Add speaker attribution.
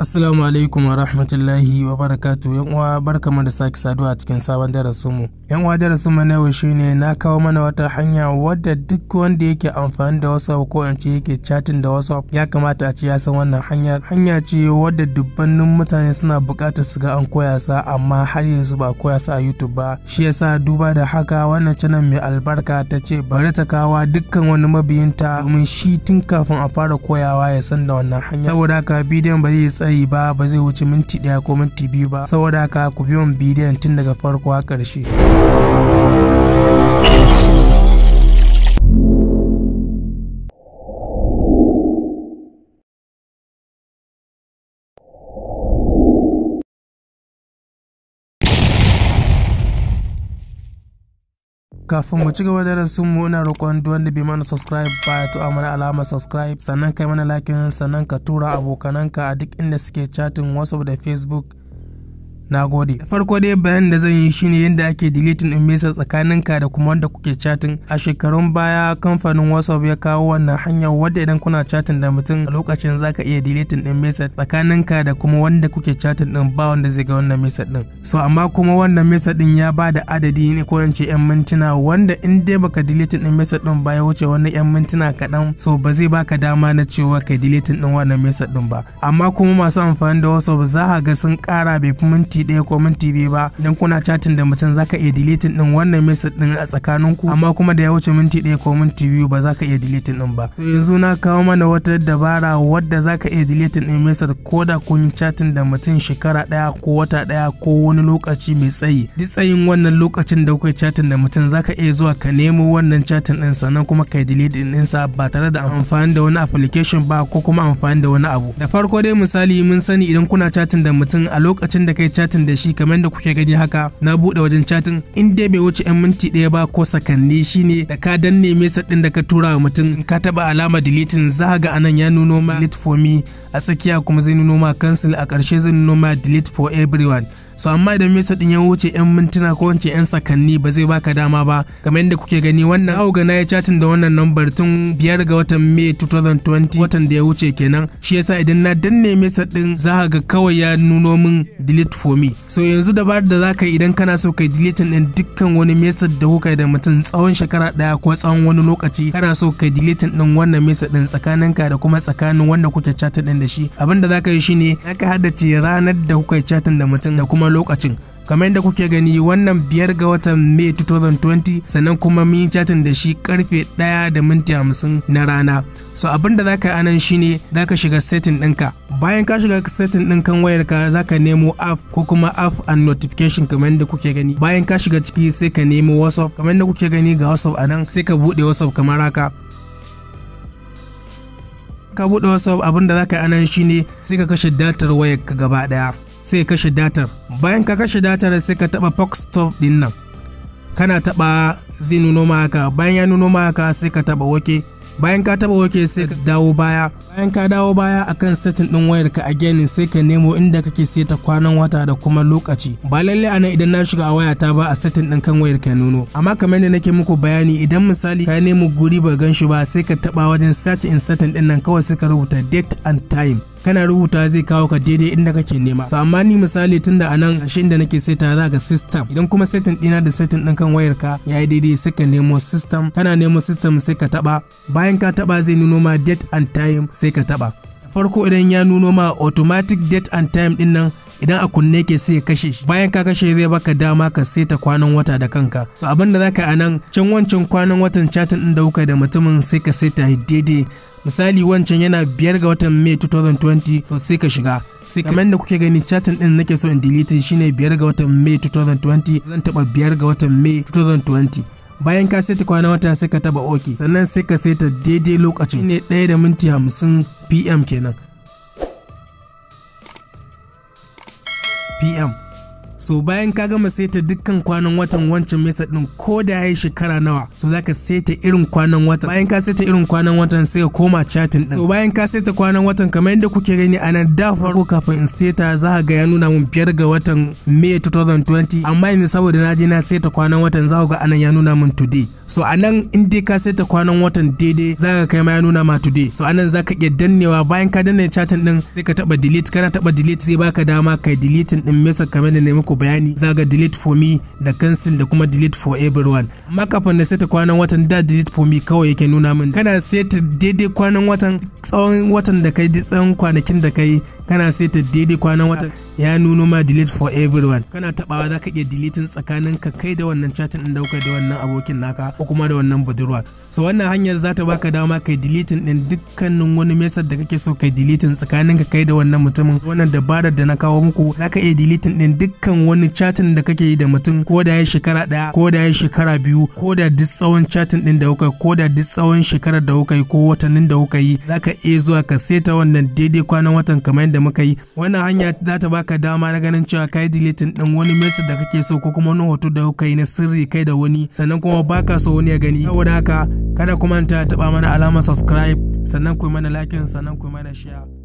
Speaker 1: Assalamu alaikum wa rahmatullahi wa barakatu yan uwa barkamu da sake saduwa a cikin sabon darasin mu. Yan uwa darasin mu na yau shine na kawo mana wata hanya wadda duk wanda yake amfani da WhatsApp ko in ce yake chatin da WhatsApp ya kamata a ci ya san wannan hanya. Hanya ce wadda dubbannin mutane suna buƙatar su ga an koya sa amma har yanzu ba koya sa a YouTube ba. Shi yasa duba da haka wannan channel mai albarka ta ce bari ta kawo dukkan wani mabiyinta domin shi tun kafin a fara koyawa ya san da wannan hanya. Saboda haka bidiyon ba zai tsayi ba ba zai wuce minti ɗaya ko minti biyu ba saboda haka ku bi bidiyon tun daga farko a ƙarshe. kafin mu ci gaba da rasu mu ina roƙon duk wanda bai mana subscribe ba ya tu'a mana alamar subscribe sannan kai mana like sannan ka tura abokananka a duk inda suke chatting whatsapp da facebook na gode farko dai bayan da zan yi shine yadda ake deleting in mesa tsakaninka da kuma wanda kuke chatting a shekarun baya kamfanin whatsapp ya kawo wannan hanyar wadda idan kuna chatting da mutum a lokacin zaka iya deleting in mesa tsakaninka da kuma wanda kuke chatting din ba wanda zai ga wannan mesa din so amma kuma wannan mesa din ya ba da adadi ne ko in yan mintuna wanda in dai baka deleting in mesa din ba ya wuce wani yan mintuna kaɗan so ba zai baka dama na cewa kai deleting din wannan mesa din ba amma kuma masu amfani da whatsapp za ga sun kara bai fi minti minti ɗaya ko minti biyu ba idan kuna chatting da mutum zaka iya deleting din wannan message din a tsakanin ku amma kuma da ya wuce minti ɗaya ko minti biyu ba zaka iya deleting din ba to yanzu na kawo mana wata dabara wadda zaka iya deleting din message ko da kun yi da mutum shekara ɗaya ko wata ɗaya ko wani lokaci mai tsayi duk tsayin wannan lokacin da kuka chatting da mutum zaka iya zuwa ka nemo wannan chatting din sannan kuma kai deleting din sa ba tare da amfani da wani application ba ko kuma amfani da wani abu da farko dai misali mun sani idan kuna chatting da mutum a lokacin da kai chat chatting da shi kamar da kuke gani haka na bude wajen chatin in dai bai wuce 'yan minti daya ba ko sakanni shine da ka danne mesa ɗin da ka tura wa mutum ka taɓa alama deleting za ga anan ya nuno ma delete for me a tsakiya kuma zai nuno ma cancel a ƙarshe zai nuno ma delete for everyone so amma idan mesa din ya wuce yan mintuna ko wance yan sakanni ba zai baka dama ba kamar yadda kuke gani wannan auga na ya chatin da wannan number tun biyar ga watan may 2020 watan da ya wuce kenan shi yasa idan na danne mesa din za ga kawai ya nuno min delete for me so yanzu dabarar da zaka yi idan kana so kai delete din dukkan wani mesa da kuka da mutum tsawon shekara daya ko tsawon wani lokaci kana so kai delete din wannan mesa din tsakaninka da kuma tsakanin wanda kuke chatin din da shi abinda zaka yi shine zaka haddace ranar da kuka chatin da mutum da kuma lokacin kamar yadda kuke gani wannan biyar ga watan may 2020 sannan kuma mun yi chatin da shi karfe daya da minti hamsin na rana so abin da zaka yi anan shine zaka shiga setting ɗinka bayan ka shiga setting ɗin kan wayar ka zaka nemo app ko kuma app and notification kamar yadda kuke gani bayan ka shiga ciki sai ka nemo whatsapp kamar yadda kuke gani ga whatsapp anan sai ka bude whatsapp kamar haka ka bude whatsapp abin da zaka yi anan shine sai ka kashe datar wayar ka gaba daya. sai kashe datar bayan ka kashe datar sai ka taba fox stop din nan kana taba zai nuno ma haka bayan ya nuno ma haka sai ka taba wake bayan ka taba wake sai ka dawo baya bayan ka dawo baya akan setin din wayar ka a genin sai ka nemo inda kake ta kwanan wata da kuma lokaci ba lalle a nan idan na shiga a wayata ba a setin din kan wayar ka nuno amma kamar yadda nake muku bayani idan misali ka nemo guri ba gan shi ba sai ka taba wajen search in setin din nan kawai sai ka rubuta date and time kana rubuta zai kawo ka daidai inda kake nema so amma ni misali tunda a nan ashe inda nake saita za ga system idan kuma setting dina da setting din kan wayar ka yayi daidai sai ka nemo system kana nemo system sai ka taba bayan ka taba zai nuno ma date and time sai ka taba farko idan ya nuno ma automatic date and time din nan idan a kunne ke sai ya kashe shi bayan ka kashe zai baka dama ka saita kwanan wata da kanka so abin da zaka a nan can wancan kwanan watan chatin din da kuka da mutumin sai ka saita daidai misali wancan yana biyar ga watan may 2020 so sai ka shiga sai kamar da kuke gani chatin din nake so in delete shine biyar ga watan may 2020 zan taba biyar ga watan may 2020 bayan ka saita kwana wata sai ka taba oki sannan sai ka saita daidai lokacin ne ɗaya da minti 50 pm kenan p.m. so bayan ka gama saita dukkan kwanan watan wancan mesa din ko da yayi shekara nawa so zaka saita irin kwanan watan bayan ka saita irin kwanan watan sai ka koma chatin din so bayan ka saita kwanan watan kamar yadda kuke gani a nan da farko kafin in saita za ga ya nuna mun biyar ga watan May 2020 amma yanzu saboda na je na saita kwanan watan za ga anan ya nuna mun today so anan in dai ka saita kwanan watan daidai za ka kai ma ya nuna ma today so anan za ka iya dannewa bayan ka danne chatin din sai ka taba delete kana taba delete sai baka dama kai deleting din mesa kamar da ne muku bayani zaga delete for me da cancel da kuma delete for everyone amma kafin na seta kwanan watan da delete for me kawai yake nuna min kana seta daidai kwanan watan tsawon watan da kai tsawon kwanakin da kai kana seta daidai kwanan watan ya nuno ma delete for everyone kana tabawa za ka iya deleting tsakanin ka kai da wannan chatin din dauka da wannan abokin naka ko kuma da wannan budurwa so wannan hanyar za ta baka dama kai deleting din dukkanin wani message da kake so kai deleting tsakanin ka kai da wannan mutumin wannan dabarar da na kawo muku za ka iya deleting din dukkan wani chatin da kake yi da mutum ko da ya shekara daya ko da ya shekara biyu ko da duk tsawon chatin din da kuka ko da duk tsawon shekarar da kuka yi ko watannin da kuka yi za ka iya zuwa ka seta wannan daidai kwanan watan kamar yadda muka yi wannan hanya za ta baka baka dama na ganin cewa kai deleting din wani message da kake so ko kuma wani hoto da kuka yi na sirri kai da wani sannan kuma baka so wani ya gani saboda haka kada ku manta taba mana alamar subscribe sannan ku mana like sannan ku mana share